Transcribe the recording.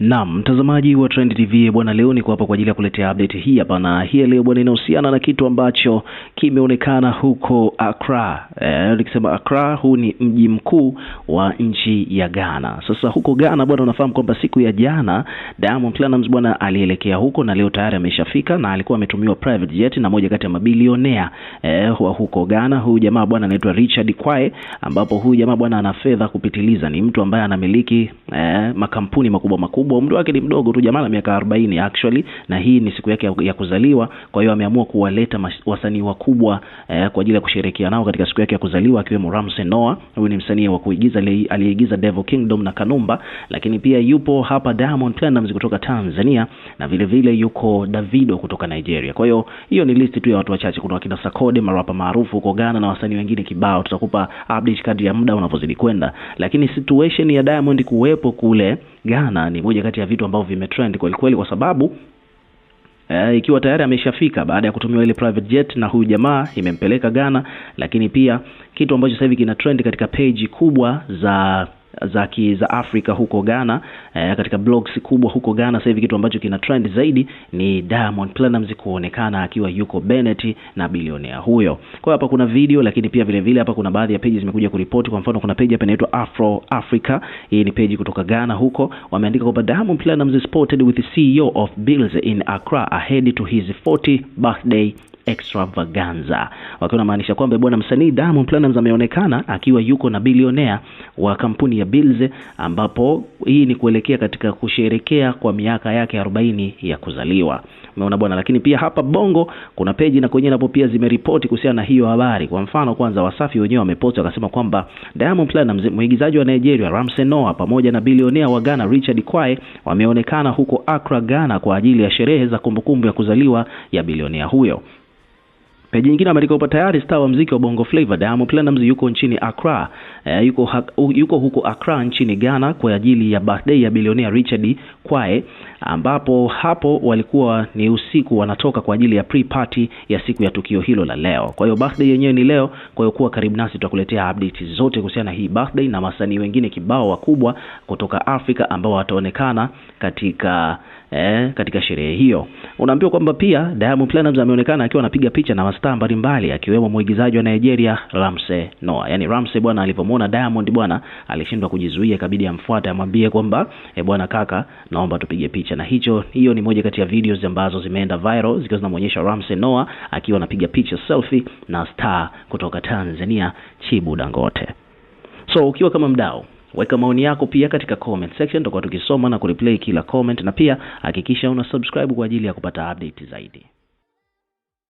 Naam, mtazamaji wa Trend TV bwana, leo niko hapa kwa ajili ya kuletea update hii hapa, na hii leo bwana, inahusiana na kitu ambacho kimeonekana huko Accra. Eh, nikisema Accra, huu ni mji mkuu wa nchi ya Ghana. Sasa huko Ghana bwana, unafahamu kwamba siku ya jana Diamond Platnumz bwana alielekea huko na leo tayari ameshafika, na alikuwa ametumiwa private jet na moja kati ya mabilionea eh, wa huko Ghana. Huyu jamaa bwana anaitwa Richard Kwae, ambapo huyu jamaa bwana ana fedha kupitiliza, ni mtu ambaye anamiliki eh, makampuni makubwa makubwa mkubwa, umri wake ni mdogo tu, jamaa na miaka 40 actually, na hii ni siku yake ya, ya kuzaliwa. Kwa hiyo ameamua kuwaleta wasanii wakubwa eh, kwa ajili ya kusherehekea nao katika siku yake ya kuzaliwa, akiwemo Ramsey Noah. Huyu ni msanii wa kuigiza aliyeigiza Devil Kingdom na Kanumba, lakini pia yupo hapa Diamond Platnumz kutoka Tanzania na vile vile yuko Davido kutoka Nigeria. Kwa hiyo hiyo ni listi tu ya watu wachache. Kuna wakina Sakode marapa maarufu huko Ghana na wasanii wengine kibao. Tutakupa update kadri ya muda unavyozidi kwenda, lakini situation ya Diamond kuwepo kule Ghana ni moja kati ya vitu ambavyo vimetrend kweli kweli, kwa sababu Uh, ikiwa tayari ameshafika baada ya kutumiwa ile private jet na huyu jamaa imempeleka Ghana, lakini pia kitu ambacho sasa hivi kina trend katika page kubwa za za za Afrika huko Ghana eh, katika blogs kubwa huko Ghana sasa hivi kitu ambacho kina trend zaidi ni Diamond Platinumz kuonekana akiwa yuko Bennett na bilionea huyo. Kwa hapa kuna video, lakini pia vile vile hapa kuna baadhi ya pages zimekuja kuripoti. Kwa mfano kuna page hapa inaitwa Afro Africa, hii ni page kutoka Ghana huko, wameandika kwamba Diamond Platinumz is spotted with the CEO of Bills in Accra ahead to his 40 birthday extravaganza, wakiwa namaanisha kwamba bwana msanii Diamond Platnumz ameonekana akiwa yuko na bilionea wa kampuni ya Bills, ambapo hii ni kuelekea katika kusherekea kwa miaka yake 40 ya kuzaliwa. Umeona bwana, lakini pia hapa Bongo kuna peji na kwenye napo pia zimeripoti kuhusiana na hiyo habari. Kwa mfano, kwanza Wasafi wenyewe wameposti wakasema kwamba Diamond Platnumz, mwigizaji wa Nigeria Ramsey Noah pamoja na bilionea wa Ghana Richard Kwae wameonekana huko Accra, Ghana kwa ajili ya sherehe za kumbukumbu ya kuzaliwa ya bilionea huyo. Peji nyingine ameandika upo tayari star wa mziki wa Bongo Flava Diamond Platnumz yuko nchini Accra. E, yuko, ha, yuko huko Accra nchini Ghana kwa ajili ya birthday ya bilionea Richard Kwae, ambapo hapo walikuwa ni usiku wanatoka kwa ajili ya pre party ya siku ya tukio hilo la leo. Kwa hiyo birthday yenyewe ni leo, kwa hiyo kuwa karibu nasi, tutakuletea update zote kuhusiana na hii birthday na wasanii wengine kibao wakubwa kutoka Afrika ambao wataonekana katika eh, katika sherehe hiyo. Unaambiwa kwamba pia Diamond Platnumz ameonekana akiwa anapiga picha na mastaa mbalimbali akiwemo mwigizaji wa Nigeria Ramsey Noah. Yaani Ramsey bwana alipomwona Diamond bwana alishindwa kujizuia, ikabidi amfuate amwambie kwamba eh, bwana kaka, naomba tupige picha. Na hicho hiyo ni moja kati ya videos ambazo zimeenda viral zikiwa zinamuonyesha Ramsey Noah akiwa anapiga picha selfie na star kutoka Tanzania Chibu Dangote. So ukiwa kama mdau Weka maoni yako pia katika comment section, tutakuwa tukisoma na kureplay kila comment, na pia hakikisha una subscribe kwa ajili ya kupata update zaidi.